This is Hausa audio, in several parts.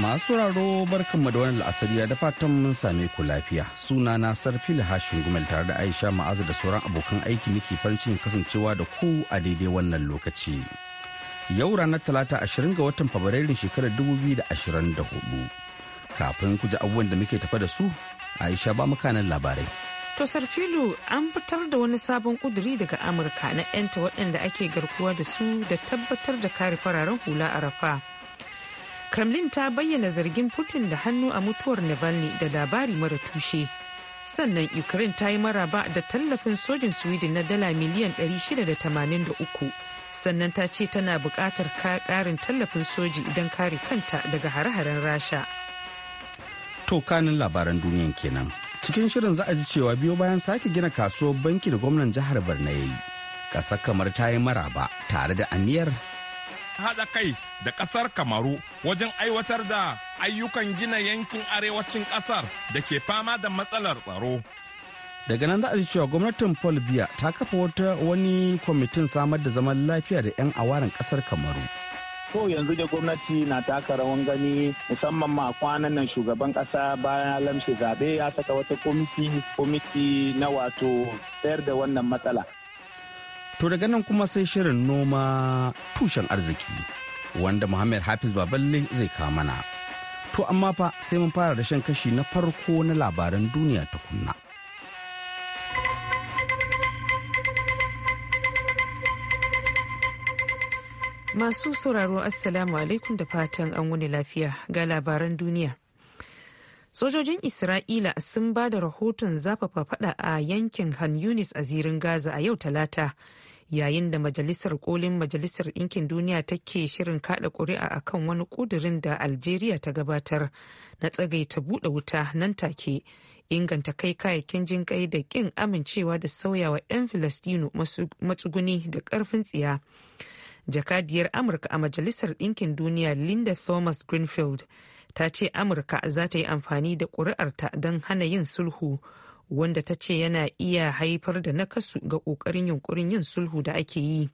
Masu raro barkanmu da wani la'asariya da fatan mun same ku lafiya. Suna na Sarfi Hashin Gumel tare da Aisha Ma'azu da sauran abokan aiki muke farin cikin kasancewa da ku a daidai wannan lokaci. Yau ranar Talata 20 ga watan Fabrairun shekarar 2024. Kafin ku ji abubuwan da muke tafa da su, Aisha ba makanan labarai. To Sarfilu an fitar da wani sabon kuduri daga Amurka na 'yanta waɗanda ake garkuwa da su da tabbatar da kare fararen hula a rafa. kremlin ta bayyana zargin putin da hannu a mutuwar navalny da labari mara tushe sannan ukraine ta yi maraba da tallafin sojin sweden na dala miliyan 683 sannan ta ce tana buƙatar ƙarin tallafin soji idan kare kanta daga hare-haren rasha to kanin labaran duniyan kenan cikin shirin za a ji cewa biyo bayan sake gina kasuwar banki da gwamnan jihar borno ya yi ƙasar kamar ta yi maraba tare da aniyar haɗa kai da ƙasar kamaru wajen aiwatar da ayyukan gina yankin arewacin ƙasar da ke fama da matsalar tsaro daga nan za a ji cewa gwamnatin paul biya ta kafa wata wani kwamitin samar da zaman lafiya da 'yan awaran ƙasar kamaru ko yanzu da gwamnati na taka rawan gani musamman ma kwanan nan shugaban kasa bayan lamshe zabe ya saka wata komiti na wato sayar da wannan matsala To daga nan kuma sai shirin noma tushen arziki wanda Muhammad Hafiz Baballe zai kawo mana. To amma fa sai mun fara da shan kashi na farko na labaran duniya ta kunna. Masu sauraro Assalamu alaikum da fatan an wani lafiya ga labaran duniya. Sojojin Isra'ila sun ba da rahoton zafafa fada a yankin Han Yunis a zirin Gaza a yau talata yayin da majalisar kolin majalisar ɗinkin duniya take shirin kada ƙuri'a a kan wani ƙudurin da algeria ta gabatar na tsagai ta buɗe wuta nan take inganta kai kayakin jin kai da ƙin amincewa da sauyawa 'yan filistinu matsuguni da ƙarfin tsiya jakadiyar amurka a majalisar ɗinkin duniya linda thomas greenfield ta ce amurka za ta yi amfani da ƙuri'arta don hana yin sulhu wanda ta ce yana iya haifar da nakasu ga ƙoƙarin yunkurin yin sulhu da ake yi.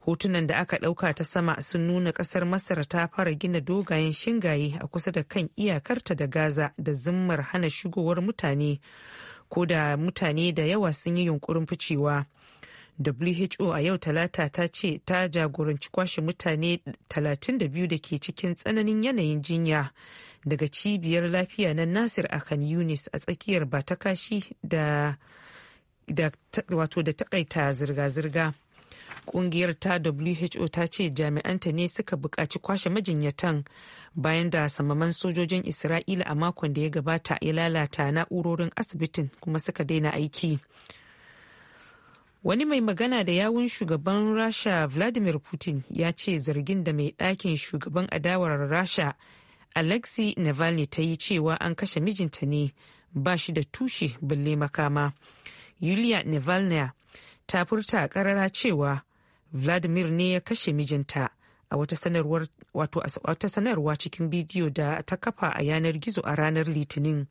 Hotunan da aka ɗauka ta sama sun nuna ƙasar Masar ta fara gina dogayen shingaye a kusa da kan iyakarta da Gaza da zimmar hana shigowar mutane, ko da mutane da yawa sun yi yunkurin ficewa. who a yau talata ta ce ta jagoranci kwashe mutane 32 da ke cikin tsananin yanayin jinya daga cibiyar lafiya na nasir a Khan yunis a tsakiyar batakashi da wato da takaita zirga-zirga kungiyar ta who ta ce jami'anta ne suka buƙaci kwashe majinyatan bayan da samaman sojojin isra'ila a makon da ya gabata ya lalata na'urorin asibitin kuma suka daina aiki wani mai magana da yawun shugaban rasha vladimir putin ya ce zargin da mai ɗakin shugaban adawar rasha alexei navalny ta yi cewa an kashe mijinta ne ba shi da tushe balle makama yulia navalny ta furta karara cewa vladimir ne ya kashe mijinta a wata sanarwa cikin bidiyo da ta kafa a yanar gizo a ranar litinin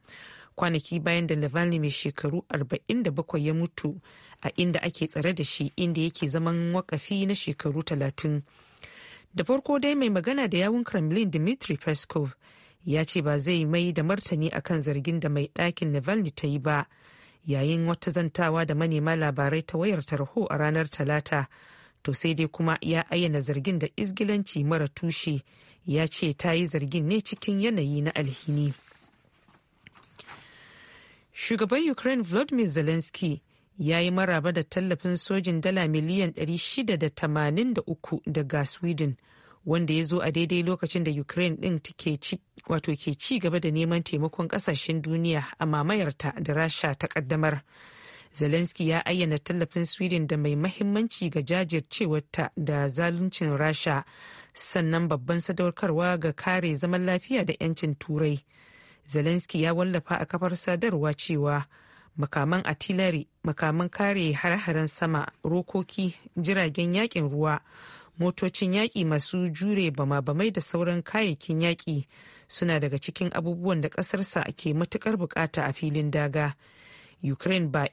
kwanaki bayan da Navalny mai shekaru 47 ya mutu a inda ake tsare da shi inda yake zaman wakafi na shekaru 30. Da farko dai mai magana da yawun Kremlin Dmitry Peskov ya ce ba zai mai da martani akan zargin da mai ɗakin Navalny ta yi ba yayin wata zantawa da manema labarai ta wayar tarho a ranar Talata. To sai dai kuma ya ayyana zargin da izgilanci mara tushe ya ce ta yi zargin ne cikin yanayi na alhini. Shugaban Ukraine Volodymyr Zelensky ya yi maraba da tallafin sojin dala miliyan 683 daga Sweden wanda ya zo a daidai lokacin da Ukraine ɗin ke ci gaba da neman taimakon kasashen duniya a mamayarta da Rasha ta kaddamar Zelensky ya ayyana tallafin Sweden da mai mahimmanci ga jajircewarta da zaluncin Rasha sannan babban sadaukarwa ga kare zaman lafiya da 'yancin Turai. zelensky ya wallafa a kafar sadarwa cewa makaman artillery makaman kare har-haren sama rokoki jiragen yakin ruwa motocin yaƙi masu jure bama-bamai da sauran kayayyakin yaƙi suna daga cikin abubuwan da ƙasarsa ke matuƙar bukata a filin daga ukraine ba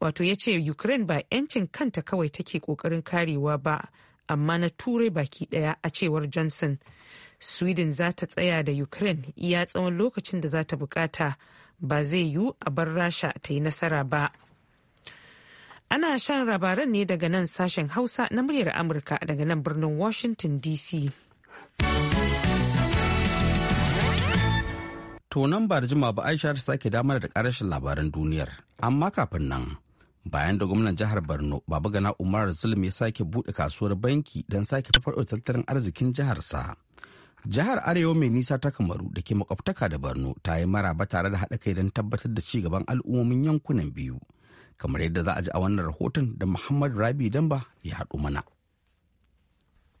wato ya ce ukraine ba 'yancin kanta kawai take ƙoƙarin karewa ba amma na turai baki ɗaya a cewar johnson sweden za ta tsaya da ukraine iya tsawon lokacin da za ta bukata ba zai yiwu a bar rasha ta yi nasara ba ana shan labaran ne daga nan sashen hausa na muryar amurka daga nan birnin washington dc to nan ba da jima ba aisha ta sake damar da karashin labaran duniyar amma kafin nan bayan da gwamnan jihar borno baba gana umar zulum ya sake buɗe kasuwar banki don sake tafarɗo tattalin arzikin jiharsa. sa Jihar Arewa mai nisa ta Kamaru da ke makwabtaka da Borno ta yi maraba tare da haɗa kai don tabbatar da cigaban gaban al'ummomin yankunan biyu. Kamar yadda za a ji a wannan rahoton da Muhammad Rabi Damba ya haɗu mana.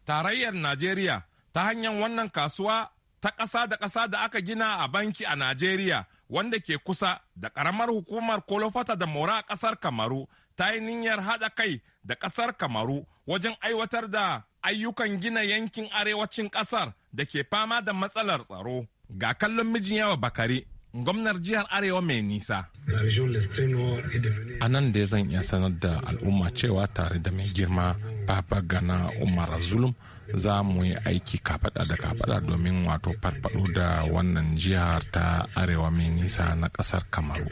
Tarayyar Najeriya ta hanyar wannan kasuwa ta ƙasa da ƙasa da aka gina a banki a Najeriya wanda ke kusa da ƙaramar hukumar Kolofata da Mora a ƙasar Kamaru ta yi niyyar haɗa kai da ƙasar Kamaru wajen aiwatar da ayyukan gina yankin arewacin ƙasar da ke fama da matsalar tsaro. Ga kallon mijin yawa bakare, gwamnar jihar Arewa mai nisa. A nan da zan iya sanar da al'umma cewa tare da mai girma Baba Gana Umar Zulum za mu yi aiki kafada da kafada domin wato farfado da wannan jihar ta arewa mai nisa na kasar kamaru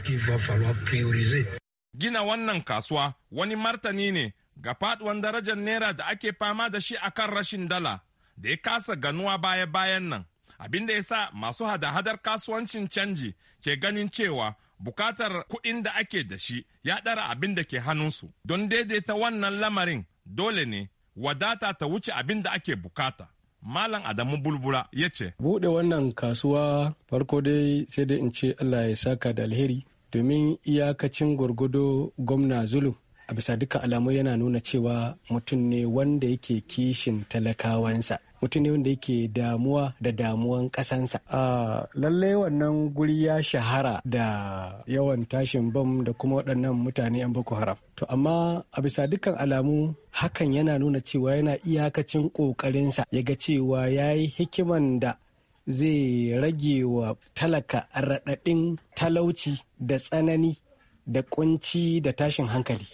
gina wannan kasuwa wani martani ne ga faduwan darajar naira da ake fama da shi akan rashin dala da ya kasa ganuwa baya-bayan nan abin da ya sa masu hada-hadar kasuwancin canji ke ganin cewa bukatar kuɗin da ake da shi ya ɗara abin da ke hannunsu don daidaita wannan lamarin dole ne wadata ta wuce abin da ake bukata Malam Adamu Bulbula ya ce. Buɗe wannan kasuwa farko dai sai dai in ce Allah ya saka da alheri domin iyakacin gwargwado gwamna zulum a bisa duka alamu yana nuna cewa mutum ne wanda yake kishin talakawansa mutum ne wanda yake damuwa da damuwan kasansa a lalle wannan guri ya shahara da yawan tashin bam da kuma waɗannan mutane yan boko haram to amma a bisa dukkan alamu hakan yana nuna cewa yana iyakacin ƙoƙarinsa ya ga cewa ya yi hikiman da zai rage wa talaka raɗaɗin talauci da tsanani da kunci da tashin hankali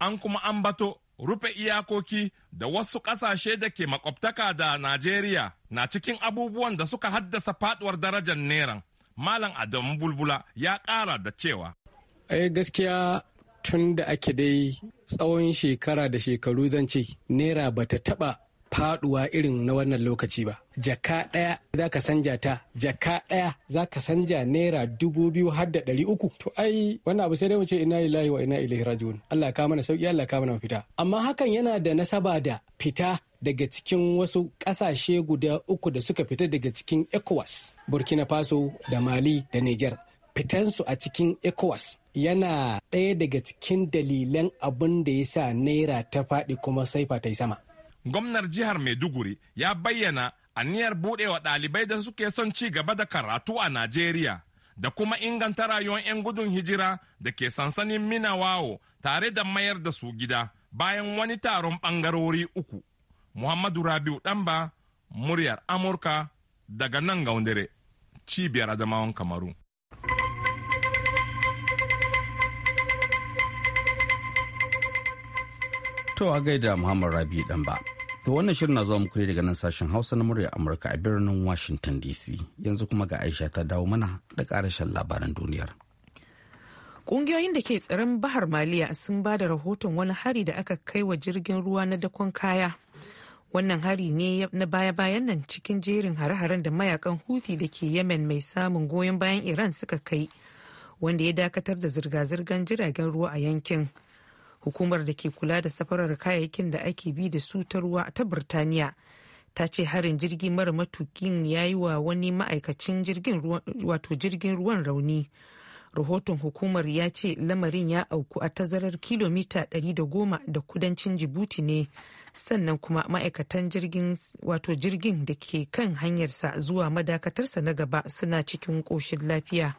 an kuma ambato rufe iyakoki da wasu ƙasashe da ke makwabtaka da Najeriya na cikin abubuwan da suka haddasa faduwar darajar neran. Malam Adamu Bulbula ya ƙara da cewa. Ai gaskiya tun da ake dai tsawon shekara da shekaru zan ce, nera ba ta taɓa faduwa irin na wannan lokaci ba jaka ɗaya za ka sanja ta jaka ɗaya za ka sanja naira dubu biyu har da ɗari uku to ai wannan abu sai dai mu ce ina lillahi wa ina ilaihi raji'un Allah ka mana sauki Allah ka mana fita amma hakan yana da nasaba da fita daga cikin wasu ƙasashe guda uku da suka fita daga cikin ECOWAS Burkina Faso da Mali da Niger fitansu a cikin ECOWAS yana ɗaya daga cikin dalilan abin da ya sa naira ta faɗi kuma saifa ta yi sama gwamnar jihar Maiduguri ya bayyana aniyar buɗewa ɗalibai da suke son ci gaba da karatu a Najeriya da kuma inganta rayuwar 'yan gudun hijira da ke sansanin Minawawo tare da mayar da su gida bayan wani taron ɓangarori uku. Muhammadu Rabiu Ɗanba, muryar Amurka daga nan wundere, cibiyar Adamawan Kamaru. To a gaida Muhammad Rabi danba. To wannan shirin na zuwa muku ne daga nan sashen Hausa na murya Amurka a birnin Washington DC. Yanzu kuma ga Aisha ta dawo mana da karashen labaran duniyar. ƙungiyoyin da ke tsaron Bahar Maliya sun ba da rahoton wani hari da aka kai wa jirgin ruwa na dakon kaya. Wannan hari ne na baya-bayan nan cikin jerin hare-haren da mayakan Houthi da ke Yemen mai samun goyon bayan Iran suka kai, wanda ya dakatar da zirga-zirgar jiragen ruwa a yankin. hukumar da ke kula da safarar kayayyakin da ake bi da su ta ruwa ta birtaniya ta ce harin jirgi mara matukin ya yi wa wani ma'aikacin jirgin ruwan rauni rahoton hukumar ya ce lamarin ya auku a tazarar kilomita 110 da kudancin jibuti ne sannan kuma ma'aikatan jirgin wato jirgin da ke kan hanyarsa zuwa madakatarsa na gaba suna cikin ƙoshin lafiya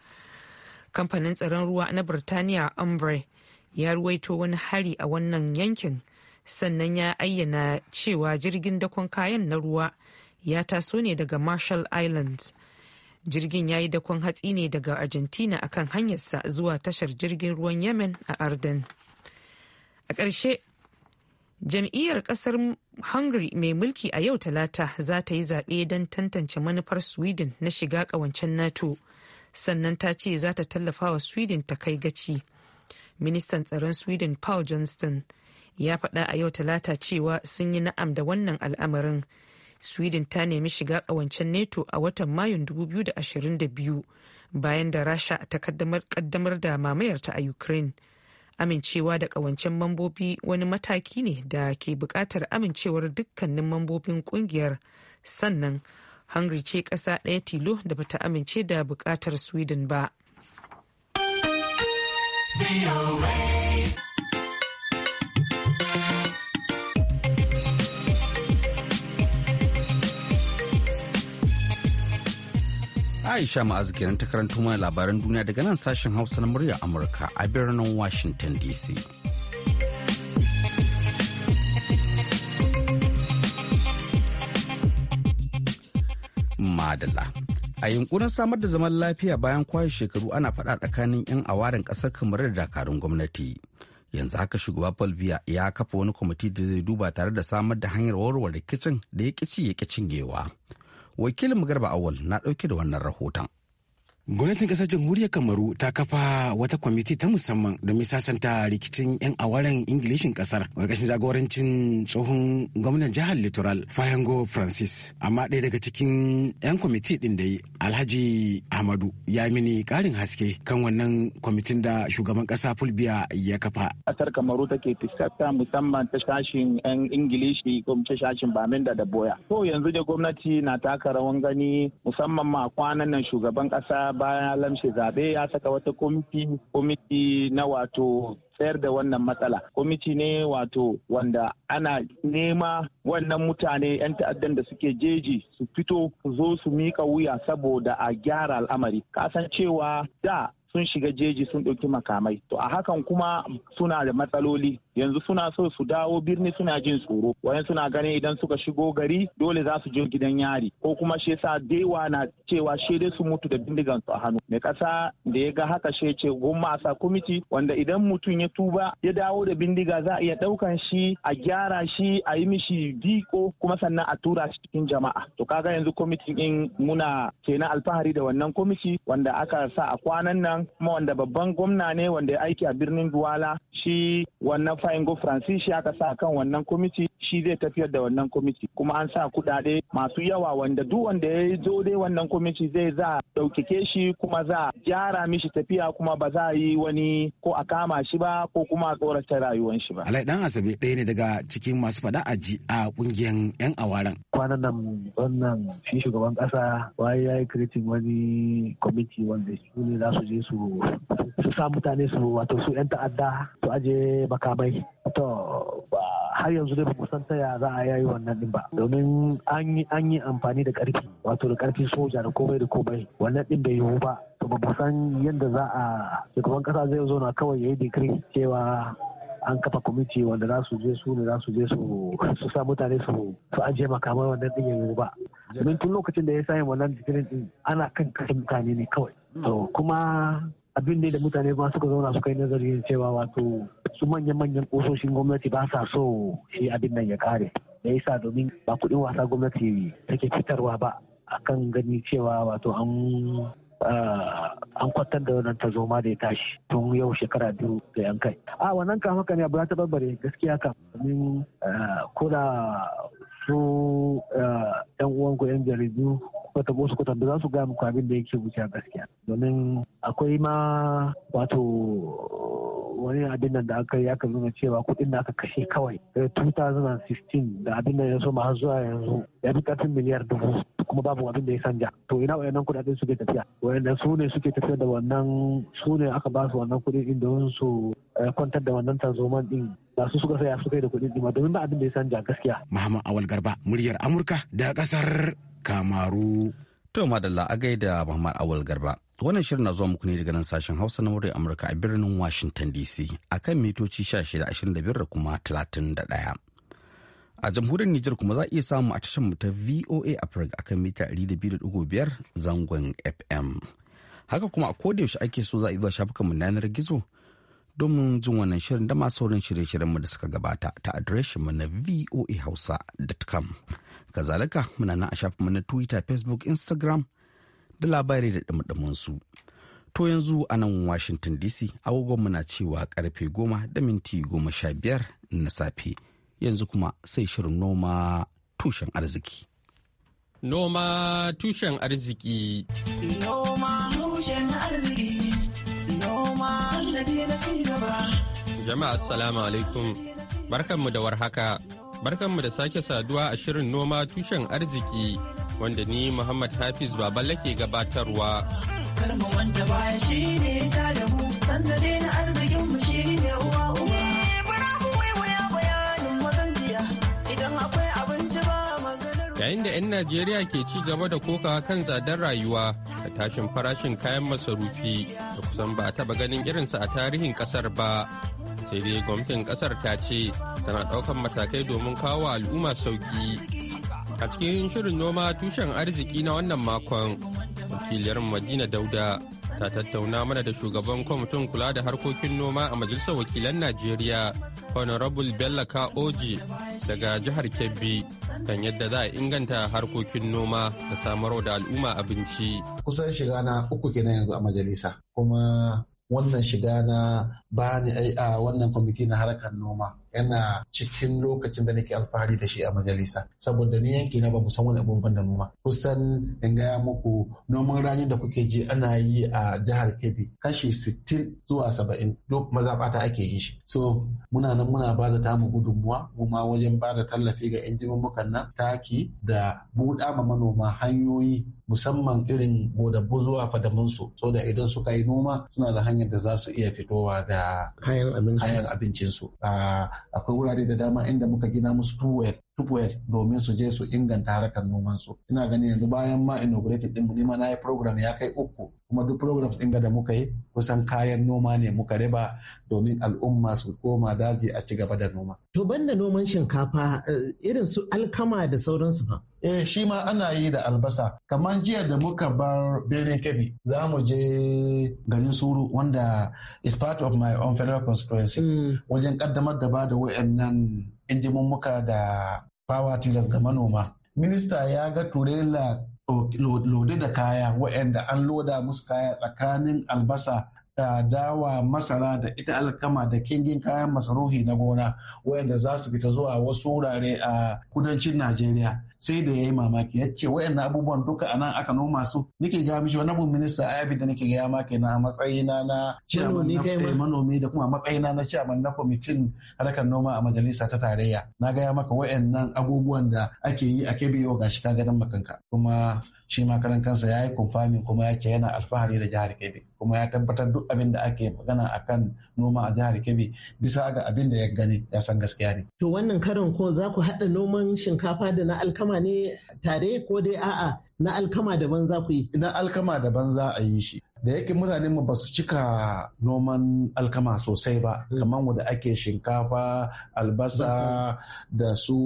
kamfanin tsaron ruwa na birtaniya ambre ya ruwaito wani hari a wannan yankin sannan ya ayyana cewa jirgin dakon kayan na ruwa ya taso ne daga marshall islands jirgin ya yi dakon hatsi ne daga argentina akan hanyarsa zuwa tashar jirgin ruwan yemen a arden a ƙarshe jam'iyyar ƙasar hungary mai mulki a yau talata za ta yi zaɓe don tantance manufar sweden na shiga ƙawancen nato sannan ta ce za ta tallafa wa sweden ta kai gaci ministan tsaron sweden paul johnston ya faɗa a yau talata cewa sun yi na'am da wannan al'amarin sweden ta nemi shiga ƙawancen neto a watan mayun 2022 bayan da rasha ta kaddamar da mamayarta a ukraine amincewa da ƙawancen mambobi wani mataki ne da ke buƙatar amincewar dukkanin mambobin ƙungiyar sannan hungary ce ƙasa ɗaya tilo da bata amince da bukatar sweden ba Aisha Ma'azu kenan ta karanto mana labaran duniya daga nan sashen Hausa na muryar Amurka a birnin Washington DC. Madala. a yunkurin samar da zaman lafiya bayan kwashe shekaru ana faɗa tsakanin 'yan awarin ƙasar kamar da dakarun gwamnati yanzu haka shugaba palvia ya kafa wani kwamiti da zai duba tare da samar da hanyar warware rikicin da ya ƙici ya ƙi cinyewa wakilin garba awal na ɗauke da wannan rahoton Gwamnatin ƙasar jamhuriyar Kamaru ta kafa wata kwamiti ta musamman domin sasanta rikicin 'yan awaren Ingilishin ƙasar ƙarƙashin jagorancin tsohon gwamnan jihar Littoral Fayango Francis. Amma ɗaya daga cikin 'yan kwamiti ɗin da yi Alhaji Ahmadu ya mini ƙarin haske kan wannan kwamitin da shugaban ƙasa Fulbiya ya kafa. Ƙasar Kamaru take fuskanta musamman ta shashin 'yan Ingilishi ko ta shashin Baminda da Boya. To yanzu da gwamnati na taka rawan gani musamman ma kwanan nan shugaban ƙasa bayan lamshe zaɓe ya saka wata kwamiti kwamiti na wato tsayar da wannan matsala kwamiti ne wato wanda ana nema wannan mutane 'yan ta'addan da suke jeji su fito su zo su mika wuya saboda a gyara al'amari kasancewa da sun shiga jeji sun ɗauki makamai to a hakan kuma suna da matsaloli yanzu suna so su dawo birni suna jin tsoro wayan suna ganin idan suka shigo gari dole za su je gidan yari ko kuma shi yasa daiwa na cewa shi dai su mutu da bindigan su a hannu mai kasa da ya ga haka shi ce gumma a sa kwamiti wanda idan mutum ya tuba ya dawo da bindiga za a iya ɗaukan shi a gyara shi a yi mishi diko kuma sannan a tura shi cikin jama'a to kaga yanzu kwamitin in muna kenan alfahari da wannan kwamiti wanda aka sa a kwanan nan kuma wanda babban gwamna ne wanda ya aiki a birnin duwala shi wannan Fahimgo Francis aka sa kan wannan kwamiti shi zai tafiyar da wannan kwamiti kuma an sa kuɗaɗe masu yawa wanda duk wanda ya zo dai wannan kwamiti zai za ɗaukake shi kuma za gyara mishi tafiya kuma ba za yi wani ko a kama shi ba ko kuma a tsorata rayuwar shi ba. Alai dan Asabe ɗaya ne daga cikin masu faɗa aji a ƙungiyar 'yan awaran. Kwanan nan wannan shi shugaban ƙasa bayan ya yi kiritin wani kwamiti wanda su ne za su je su sa mutane su wato su 'yan ta'adda su aje makamai. To har yanzu dai ba mu san ta ya za a yayi wannan din ba domin an yi an yi amfani da karfi wato da karfi soja da komai da komai wannan din bai yiwu ba to ba san yadda za a shugaban kasa zai zo na kawai yayi digiri cewa an kafa kwamiti wanda za su je su ne za su je su sa mutane su su ajiye makamai wannan din yayi ba domin tun lokacin da ya sayi wannan digirin din ana kan kashe mutane ne kawai to kuma abin ne da mutane ba suka zauna suka yi nazari cewa wato su manya-manyan kososhin gwamnati ba sa so shi abin nan ya kare da yasa domin ba kuɗin wasa gwamnati take fitarwa ba akan gani cewa wato an ah, an kwatar da wannan tazoma da ya tashi tun yau shekara biyu da yan kai a wannan kan haka ne abu ta barbare gaskiya kan domin ah, ko da su yan eh, uwan uwanku yan jaridu wata tabo su za su gaya muku abin da yake wuce gaskiya domin akwai ma wato wani abin da aka yi aka nuna cewa kuɗin da aka kashe kawai 2016 eh, da abin da ya so har zuwa yanzu ya fi karfin miliyar dubu kuma babu abin da ya sanja to ina wayannan kudaden suke tafiya wayannan su ne suke tafiya da wannan su ne aka ba su wannan kudin din don su kwantar da wannan tarzoman din ba su suka saya su kai da kudin din domin ba abin da ya sanja gaskiya Muhammad Awal Garba muryar Amurka da kasar Kamaru to madalla a gaida Muhammad Awal Garba wannan shirin na zuwa muku ne daga nan sashen Hausa na muryar Amurka a birnin Washington DC akan mitoci 1625 da kuma 31 A jamhuriyar Nijar kuma za a iya samu a tashar mu ta VOA Africa akan mita 200.5 zangon FM. Haka kuma a koda yaushe ake so za a zuwa shafukan mu yanar gizo domin jin wannan shirin da masu sauran shirye-shiryen mu da suka gabata ta adireshin mu na voahausa.com. Kazalika muna nan a shafin mu na Twitter, Facebook, Instagram da labarai da dumadumin su. To yanzu a nan Washington DC agogon muna cewa karfe goma da minti goma sha biyar na safe. yanzu kuma sai shirin noma tushen arziki. Noma tushen arziki. Noma tushen arziki. Noma na ci gaba. Jama'a assalamu alaikum. Barkanmu da warhaka. Barkanmu da sake saduwa a shirin noma tushen arziki wanda ni Muhammad Hafiz Baballe ke gabatarwa. Karmu wanda baya shi ne ta da mu, sanda na arzikinmu shi ne uwa yayin da 'yan najeriya ke ci gaba da kokawa kan tsadar rayuwa da tashin farashin kayan masarufi da kusan ba a taba ganin irinsa a tarihin kasar ba sai dai gwamnatin kasar ta ce tana daukan matakai domin kawo al'umma sauki a cikin shirin noma tushen arziki na wannan makon wakiliyar madina dauda ta tattauna mana da shugaban kwamitin kula da harkokin noma a majalisar wakilan najeriya honorable bella oji daga jihar kebbi kan yadda za a inganta harkokin noma da samarwa da al'umma abinci kusan shiga na uku kenan yanzu a majalisa kuma wannan shiga na bani ai a wannan kwamiti na harkar noma yana cikin lokacin da nake alfahari da shi a majalisa saboda ni yanki na ba mu san wani abubuwan da noma kusan in gaya muku noman rani da kuke ji ana yi a jihar Kebbi kashi 60 zuwa 70 duk mazaɓata ake yi shi so muna nan muna ba da tamu gudunmuwa mu ma wajen ba da tallafi ga yan mukan nan taki da buɗa ma manoma hanyoyi musamman irin godabbu zuwa fadamansu so da idan suka yi noma suna da hanyar da za su iya fitowa da kayan abincinsu ah, akwai wurare da dama inda muka gina musu tuwayar Tupware domin su je su inganta harkar noman su. Ina ganin yanzu bayan ma inaugurated din ni ma na yi program ya kai uku kuma duk programs ɗin da muka yi kusan kayan noma ne muka riba domin al'umma su koma daji a ci gaba da noma. To banda noman shinkafa eh, irin su alkama da sauransu fa. Eh shi ma ana yi da albasa. Kamar jiya da muka bar birnin Kebbi za mu je garin Suru wanda is part of my own federal constituency mm. wajen kaddamar da ba da wa'annan injimin muka da power tilas ga manoma. Minista ya ga turela lode da kaya waɗanda an loda musu kaya tsakanin albasa da dawa masara da ita alkama da kingin kayan masarufi na gona waɗanda za su fita zuwa wasu wurare a kudancin Najeriya. sai da ya yi mamaki ya ce wayannan abubuwan duka a nan aka noma su nake ga mishi wani abun minista a da nake ga ma na matsayina na na eh, manomi da kuma matsayina na ciyaman na kwamitin harkar noma a majalisa ta tarayya na gaya maka wayannan abubuwan da ake yi a kebewa shi ka gadan makanka kuma shi ma karan kansa ya yi kumfami kuma ya ce yana alfahari da jihar kebe kuma ya tabbatar duk abin da ake magana kan noma a jihar kebe bisa ga abin da ya gani ya san gaskiya ne to wannan karin ko za ku haɗa noman shinkafa da na alkama alkama ne tare ko dai a'a na alkama daban za ku yi na alkama daban za a yi shi da yake mutane mu ba su cika noman alkama sosai ba mm. kamar wanda ake shinkafa albasa da su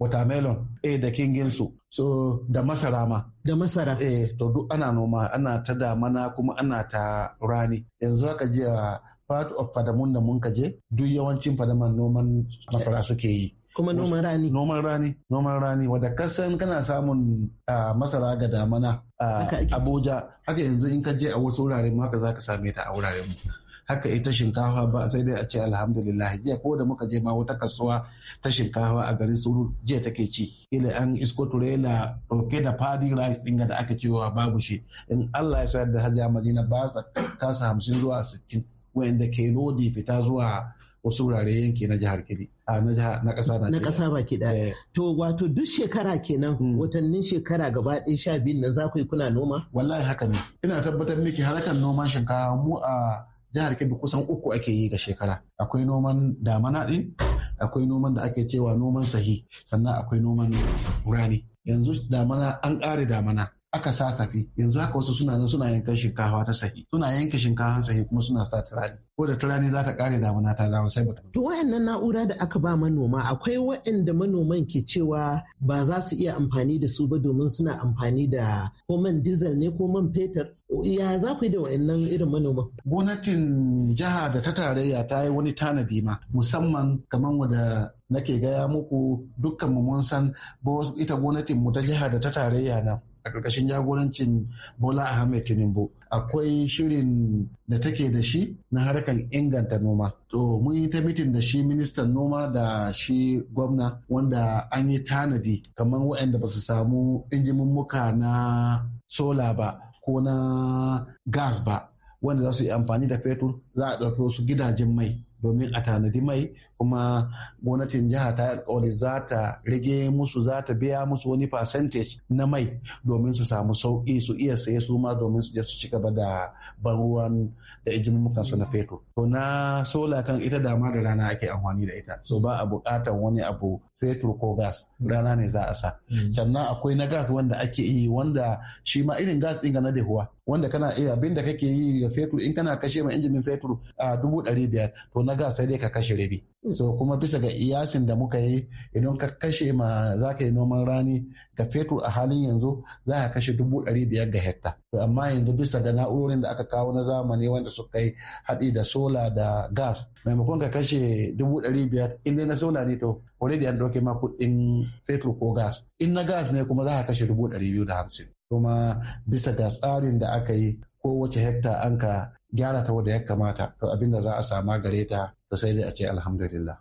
watermelon eh da kinginsu so da masara ma da masara eh to duk ana noma ana ta mana kuma ana ta rani yanzu haka jiya part of fadamun da mun je duk yawancin fadaman noman masara suke yi kuma noman rani noman rani noman rani wanda kasan kana samun masara ga damana a abuja haka yanzu in ka je a wasu wurare mu haka zaka same ta a wuraren mu haka ita shinkafa ba sai dai a ce alhamdulillah jiya ko da muka je ma wata kasuwa ta shinkafa a garin surur jiya take ci ila an isko turela dauke da fadi rice dinga da aka cewa babu shi in Allah ya sayar da hajja madina ba sa kasa hamsin zuwa sittin wanda ke lodi fita zuwa wasu wurare yanki na jihar Kebbi a na jihar na kasa na ba baki ɗaya. Eh. To wato duk shekara kenan hmm. watannin shekara gaba ɗaya sha biyu nan za ku yi kuna noma? Wallahi haka ne. Ina tabbatar miki harkar noman shinkafa mu a jihar Kebbi kusan uku ake yi ga shekara. Akwai noman damana ɗin, akwai noman da ake cewa noman sahi, sannan akwai noman rani. Yanzu damana an ƙare damana aka sasafe yanzu haka wasu suna nan suna yankan shinkafa ta sahi suna yanka shinkafa ta sahi kuma suna sa turani ko da turani za ta kare damuna ta dawo sai ta to wayannan na'ura da aka ba manoma akwai waɗanda manoman ke cewa ba za su iya amfani da su ba domin suna amfani da ko man diesel ne ko man fetur ya za ku yi da wa'annan irin manoma? Gwamnatin jiha da ta tarayya ta yi wani tanadi ma musamman kamar wadda nake gaya muku dukkan mu mun san ita gwamnatin ta jiha da ta tarayya na a ƙarƙashin jagorancin Bola Ahmed Tinubu. Akwai shirin da take da shi na harkar inganta noma. To mun yi ta mitin da shi ministan noma da shi gwamna wanda an yi tanadi kamar waɗanda ba su samu muka na sola ba ko na gas ba wanda za su yi amfani da fetur za a ɗauki wasu gidajen mai domin a tanadi mai kuma gwamnatin jiha ta alkawari za ta rage musu za ta biya musu wani percentage na mai domin su samu sauki su iya saye su ma domin su je su ci gaba da ban ruwan da injinimukan su na fetur to na sola kan ita dama da rana ake amfani da ita so ba a buƙatar wani abu fetur ko gas rana ne za a sa mm. sannan akwai na gas wanda ake yi wanda shi ma irin gas ɗin na dehuwa wanda kana iya abin da kake yi da fetur in kana kashe ma injinin fetur a dubu ɗari biyar to na gas sai dai ka kashe rabi so kuma bisa ga iyasin da muka yi idan ka kashe ma za ka yi noman rani ga fetur a halin yanzu za ka kashe dubu ɗari biyar ga hekta to amma yanzu bisa ga na'urorin da aka kawo na zamani wanda suka yi haɗi da sola da gas maimakon ka kashe dubu ɗari biyar in dai na sola ne to da an ɗauke ma kuɗin fetur ko gas in na gas ne kuma za ka kashe dubu ɗari biyu da hamsin kuma bisa ga tsarin da aka yi kowace hekta an ka gyara ta wadda ya kamata to abin da za a sama gare ta to sai dai a ce alhamdulillah.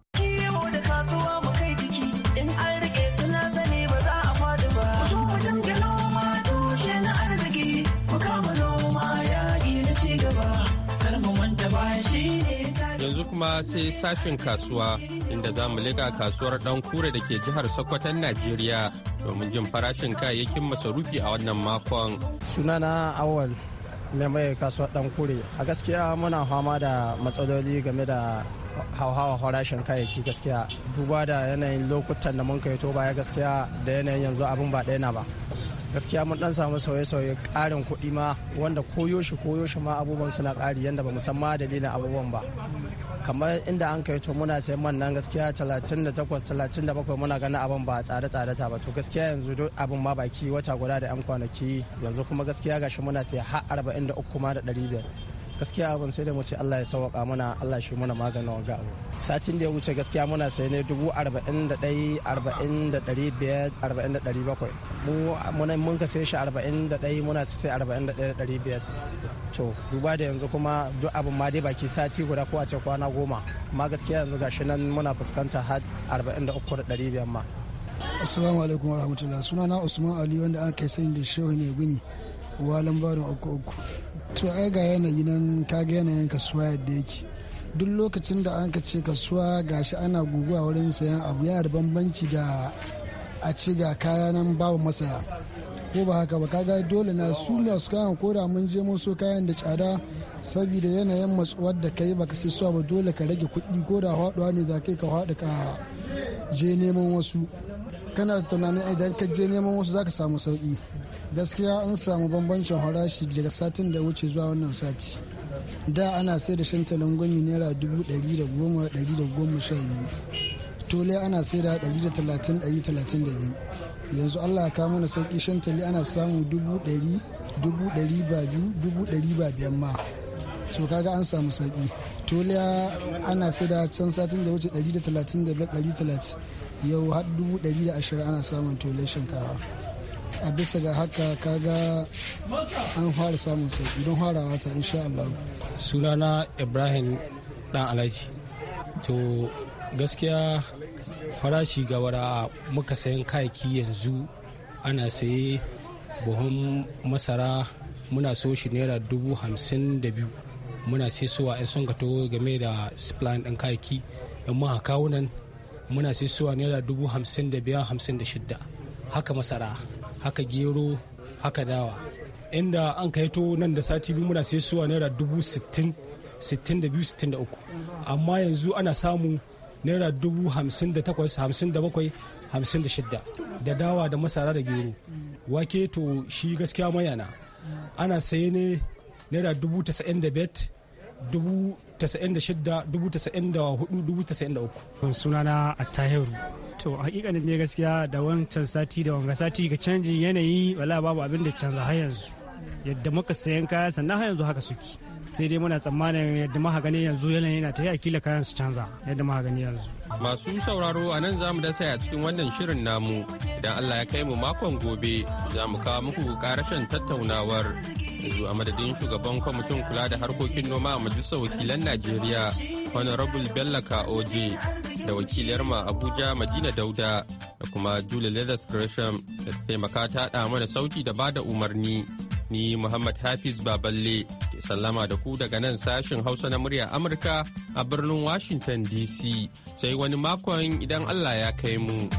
Yanzu kuma sai sashen kasuwa inda za mu liƙa kasuwar ɗan kure da ke jihar Sokoton Najeriya domin jin farashin kayayyakin masarufi a wannan makon. Sunana Awal mai mai kasuwar dan kure a gaskiya muna fama da matsaloli game da hauhawa farashin kayayyaki gaskiya duba da yanayin lokutan da mun kai to baya gaskiya da yanayin yanzu abin ba ɗaya na ba gaskiya mun dan samu sauye-sauye ƙarin kuɗi ma wanda koyo shi koyo shi ma abubuwan suna ƙari yanda ba musamman dalilin abubuwan ba kamar inda an kai to muna sayan man nan gaskiya 38 37 muna ganin abin ba tsare tsare ta ba to gaskiya yanzu duk abin ma baki wata guda da yan kwanaki yanzu kuma gaskiya gashi muna sai har 43 ma da 500 gaskiya abin sai da mu ce Allah ya sauwaka mana Allah shi mana maganin wanga abu satin da ya wuce gaskiya muna sai ne dubu arba'in da ɗai arba'in da ɗari biyar arba'in da ɗari bakwai mu muna mun ka sai shi arba'in da ɗai muna sai arba'in da ɗai da ɗari biyar to duba da yanzu kuma duk abin ma dai baki sati guda ko a ce kwana goma amma gaskiya yanzu gashi nan muna fuskanta har arba'in da uku da ɗari biyar ma. Assalamu alaikum Suna sunana Usman Ali wanda aka kai sani da shehu ne gini walan barin uku uku. to ai ga yanayi nan ka ga yanayin kasuwa yadda yake duk lokacin da an ka ce kasuwa gashi ana guguwa wurin sayan abu yana da bambanci da a ci ga kaya nan babu masaya ko ba haka ba kaga dole na su ne su kayan koda mun je mun so kayan da tsada saboda yanayin matsuwar da kai baka sai suwa ba dole ka rage kuɗi ko da haɗuwa ne da kai ka haɗu ka je neman wasu kana tunanin idan ka je neman wasu zaka samu sauki gaskiya an samu bambancin harashi daga satin da wuce zuwa wannan sati da ana sai da shantalin gwami naira dubu ɗari da goma ɗari da goma sha biyu tole ana sai da ɗari da talatin ɗari talatin da biyu yanzu allah ka mana sauki tali ana samu dubu ɗari dubu ɗari ba biyu dubu ɗari ba biyan ma so kaga an samu sauki toliya ana sai da can satin da wuce da talatin dari talatin. yau har dubu ɗari da ashirin ana samun tulun shinkafa a bisa ga haka kaga an fara samun sauki don farawa ta insha Allah sunana ibrahim dan alhaji to gaskiya farashi ga wara muka sayan kayaki yanzu ana saye buhun masara muna so shi naira dubu hamsin da biyu muna sai suwa in sun gato game da splan ɗin kayaki yamma a kawunan muna sisuwa naira dubu hamsin da biyar hamsin da shidda haka masara haka gero haka dawa inda an kai to nan da sati biyu muna sisuwa naira dubu sittin sittin da biyu sittin da uku amma yanzu ana samu naira dubu hamsin da takwas hamsin da bakwai hamsin da shidda da dawa da masara da gero wake to shi gaskiya mayana ana saye ne naira dubu tasa'in da bet dubu 96,094,093. sunana tahiru to hakikanin ne gaskiya da wancan sati da wanga sati ga canjin yanayi wala babu abin da canza har yanzu yadda muka sayan kaya sannan har yanzu haka suke sai dai muna tsammanin yadda muka gani yanzu yanayi na ta yi kila kayan su canza yadda muka gani yanzu. Masu sauraro a nan za mu dasa a cikin wannan shirin namu idan Allah ya kai mu makon gobe za mu kawo muku karashen tattaunawar yanzu a madadin shugaban kwamitin kula da harkokin noma a majalisar wakilan Najeriya Honorable Bello Kaoje da wakiliyar ma Abuja Madina Dauda da kuma Julie Leathers Gresham da taimaka ta mana sauti da bada umarni. Ni Muhammad Hafiz Baballe ke sallama da ku daga nan sashin Hausa na murya Amurka a birnin Washington DC sai wani makon idan Allah ya kai mu.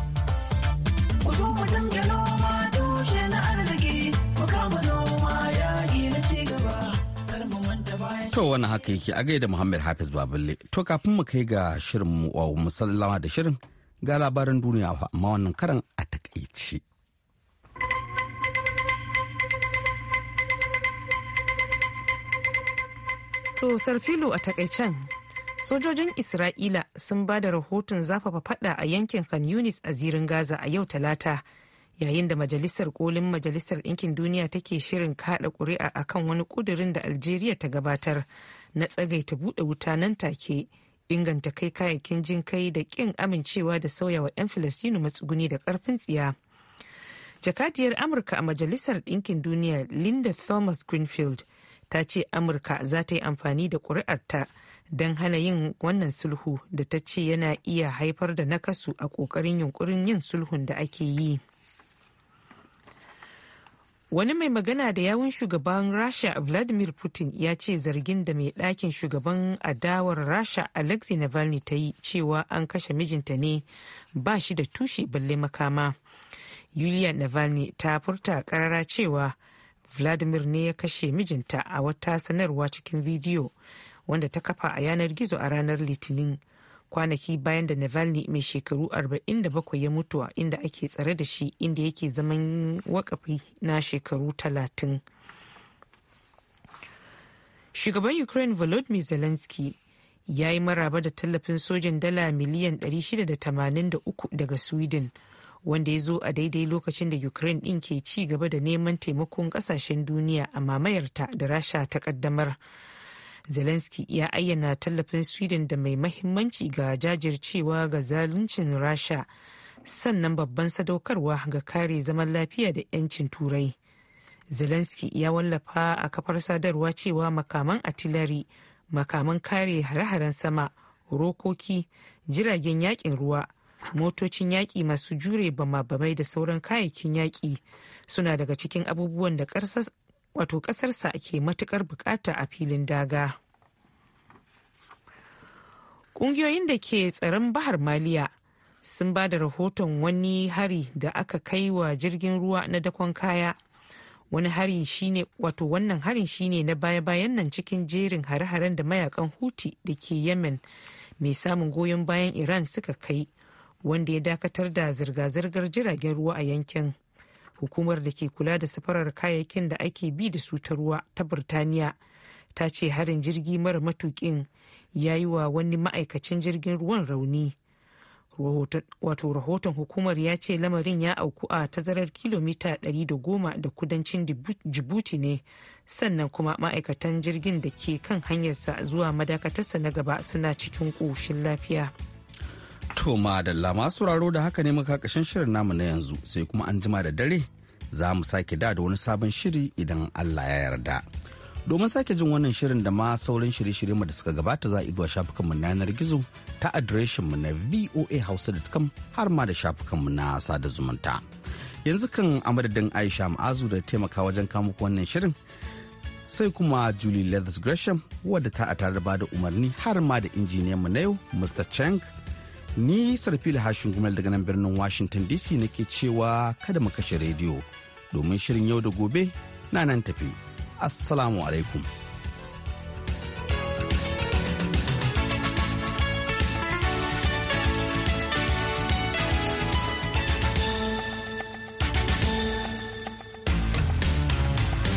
To wani haka yake a gaida Muhammad Hafiz Baballe. To kafin mu kai ga shirin mu musallama da shirin ga labaran duniya amma wannan karan a takaice. To Sarfilu a takaicen sojojin Isra'ila sun ba da rahoton zafafa fada a yankin Khan Yunis a zirin Gaza a yau talata yayin da majalisar kolin majalisar ɗinkin duniya take shirin kaɗa ƙuri'a a kan wani ƙudurin da Algeria ta gabatar na tsagaita buɗe wuta nan take inganta kai kayayyakin jin kai da ƙin amincewa da sauyawa 'yan Filistinu matsuguni da ƙarfin tsiya. Jakadiyar Amurka a Majalisar Ɗinkin Duniya Linda Thomas Greenfield ta ce amurka za ta yi amfani da ƙuri'arta don hana yin wannan sulhu da ta ce yana iya haifar da nakasu a ƙoƙarin yunkurin yin sulhun da ake yi wani mai magana da yawun shugaban rasha vladimir putin ya ce zargin da mai ɗakin shugaban adawar rasha alexei navalny ta yi cewa an kashe mijinta ne ba shi da tushe balle makama yulia navalny ta furta karara cewa vladimir ne ya kashe mijinta a wata sanarwa cikin bidiyo wanda ta kafa a yanar gizo a ranar litinin kwanaki bayan da navalny mai shekaru 47 ya mutu a inda ake tsare da shi inda yake zaman wakafi na shekaru 30 shugaban ukraine volodymyr zelensky ya yi maraba da tallafin sojin dala miliyan 683 daga sweden wanda ya zo a daidai lokacin da ukraine din ke ci gaba da neman taimakon kasashen duniya a mamayarta da rasha ta kaddamar zelensky ya ayyana tallafin sweden da mai mahimmanci ga jajircewa ga zaluncin rasha sannan babban sadaukarwa ga kare zaman lafiya da 'yancin turai zelensky ya wallafa a kafar sadarwa cewa makaman atilari makaman kare hare-haren sama rokoki jiragen yakin ruwa motocin yaƙi masu jure bama-bamai da sauran kayayyakin yaƙi suna daga cikin abubuwan da wato ƙasarsa ke matuƙar buƙata a filin daga ƙungiyoyin da ke tsaron bahar maliya sun ba da rahoton wani hari da aka kai wa jirgin ruwa na dakon kaya wani hari shine wato wannan harin shine na baya-bayan nan cikin jerin hare-haren da mayakan huti da ke yemen mai samun goyon bayan iran suka kai wanda ya dakatar da zirga-zirgar jiragen ruwa a yankin hukumar da ke kula da safarar kayayyakin da ake bi da su ta ruwa ta birtaniya ta ce harin jirgi mara matukin ya yi wa wani ma'aikacin jirgin ruwan rauni wato rahoton hukumar ya ce lamarin ya auku a tazarar kilomita 110 da kudancin jibuti ne sannan kuma ma'aikatan jirgin da ke kan hanyarsa zuwa madakatarsa na gaba suna cikin ƙoshin lafiya. To madalla masu sauraro da haka ne muka kashin shirin namu na yanzu sai kuma an jima da dare za mu sake da da wani sabon shiri idan Allah ya yarda. Domin sake jin wannan shirin da ma sauran shirye-shirye mu da suka gabata za a shafukan shafukanmu na yanar gizo ta adireshin mu na voahausa.com har ma da shafukanmu na sada zumunta. Yanzu kan amadadin Aisha Ma'azu da taimaka wajen kamu wannan shirin sai kuma Julie Leathers Gresham wadda ta a tare da bada umarni har ma da injiniyan mu na yau Mr. Chang Ni Sarfila Hashin Gumel daga nan birnin Washington DC nake cewa kada mu kashe rediyo domin shirin yau da gobe na nan tafi. Assalamu alaikum.